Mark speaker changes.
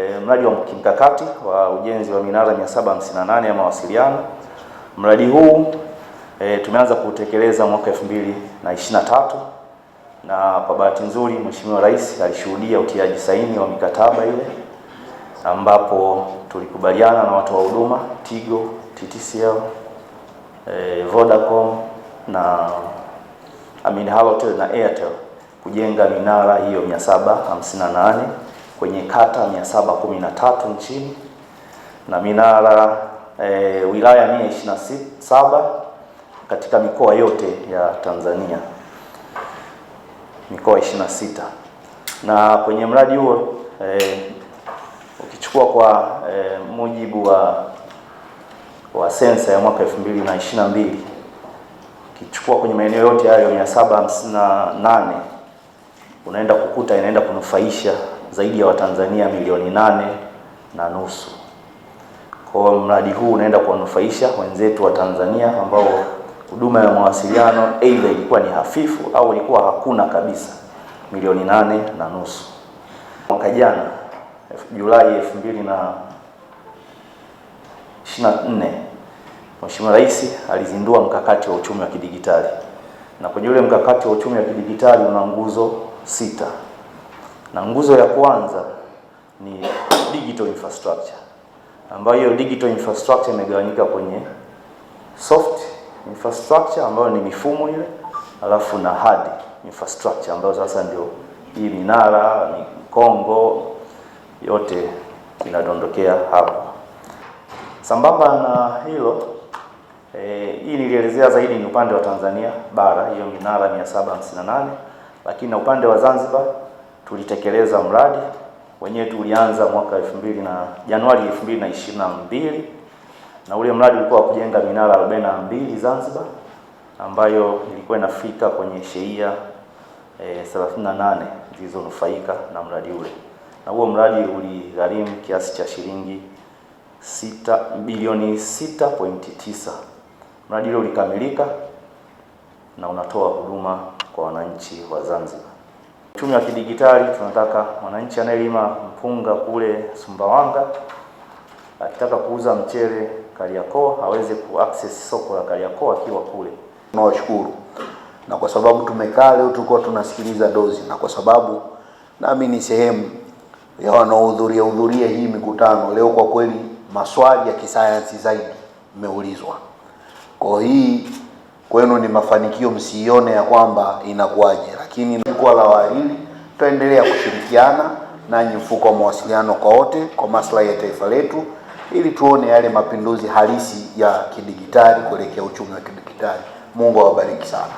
Speaker 1: E, mradi wa kimkakati wa ujenzi wa minara 758 ya mawasiliano. Mradi huu e, tumeanza kutekeleza mwaka 2023 na kwa bahati nzuri Mheshimiwa Rais alishuhudia utiaji saini wa mikataba ile ambapo tulikubaliana na watu wa huduma Tigo, TTCL, e, eh, Vodacom na I mean, Halotel na Airtel kujenga minara hiyo 758 kwenye kata 713 nchini na minara e, wilaya 127 katika mikoa yote ya Tanzania, mikoa 26. Na kwenye mradi huo e, ukichukua kwa e, mujibu wa wa sensa ya mwaka 2022 ukichukua kwenye maeneo yote hayo 758 unaenda kukuta inaenda kunufaisha zaidi ya Watanzania milioni nane na nusu. Kwa hiyo mradi huu unaenda kuwanufaisha wenzetu wa Tanzania ambao huduma ya mawasiliano aidha ilikuwa ni hafifu au ilikuwa hakuna kabisa, milioni nane na nusu. Mwaka jana Julai elfu mbili na ishirini na nne Mheshimiwa Rais alizindua mkakati wa uchumi wa kidijitali, na kwenye ule mkakati wa uchumi wa kidijitali una nguzo sita na nguzo ya kwanza ni digital infrastructure, ambayo hiyo digital infrastructure imegawanyika kwenye soft infrastructure ambayo ni mifumo ile, alafu na hard infrastructure ambayo sasa ndio hii minara, mikongo yote inadondokea hapo Sambamba na hilo e, hii nilielezea zaidi ni upande wa Tanzania bara, hiyo minara 758 lakini na upande wa Zanzibar tulitekeleza mradi wenyewe tulianza mwaka elfu mbili na Januari mbili na ule mradi ulikuwa wa kujenga minara 42 Zanzibar ambayo ilikuwa inafika kwenye shehia eh, e, 38 zilizonufaika na mradi ule, na huo mradi uligharimu kiasi cha shilingi bilioni 6.9. Mradi ule ulikamilika na unatoa huduma kwa wananchi wa Zanzibar. Uchumi wa kidigitali tunataka mwananchi anayelima mpunga kule Sumbawanga akitaka kuuza mchele Kariakoo aweze kuaccess soko la Kariakoo akiwa kule.
Speaker 2: Tunawashukuru na kwa sababu tumekaa leo, tulikuwa tunasikiliza dozi, na kwa sababu nami ni sehemu ya wanaohudhuria hudhuria hii mikutano leo, kwa kweli maswali ya kisayansi zaidi mmeulizwa. Kwa hii kwenu ni mafanikio, msiione ya kwamba inakuwaje lakini jukwaa la wahariri tutaendelea kushirikiana nanyi, mfuko wa mawasiliano kwa wote, kwa maslahi ya taifa letu, ili tuone yale mapinduzi halisi ya kidigitali kuelekea uchumi wa kidigitali. Mungu awabariki sana.